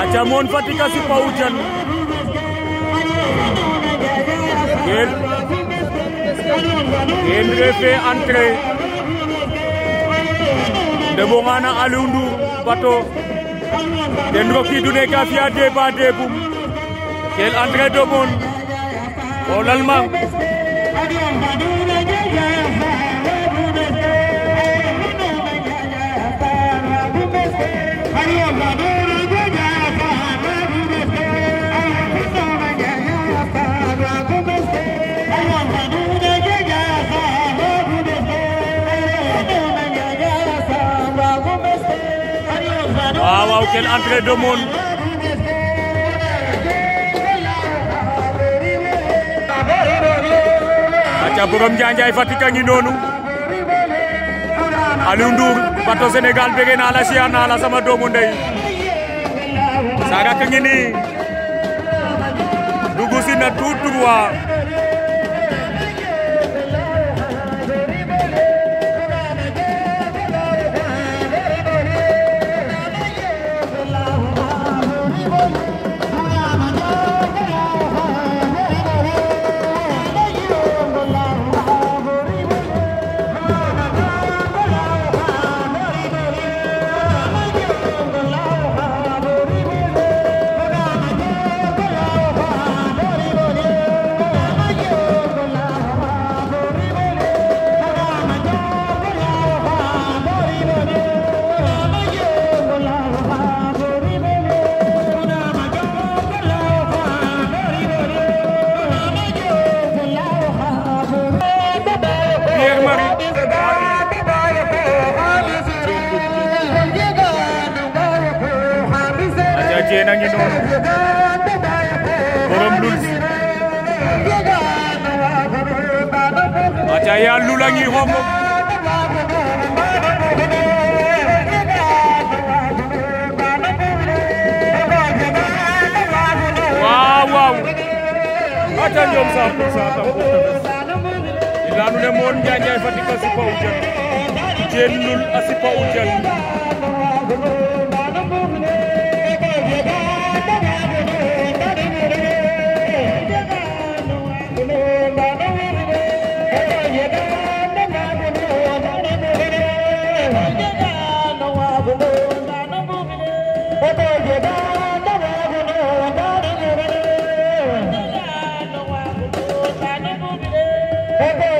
aca moon Fatick a sipa o ten ten refe entrée ndeɓonga na Aliou Ndour bato ten rokiidu ne ka fi'a deba debum kel entrée de quelle entrée de monde aca borom Njanjaay Fatick a ngi noonu Aliou Ndour bato Sénégal bëgg naa la siya naa la sama doomu ndey saga ka ngi nii dugg si na tout droit jeen ah, a ngi noonu borom lul aca yaa lul a ngi xongo waaw waaw aca ñoom saam ko saatam ko tefes i leya nuun e Mor Njaay Njaay Fatick a sipa o jal jeen lul a sipa o jal Thank you.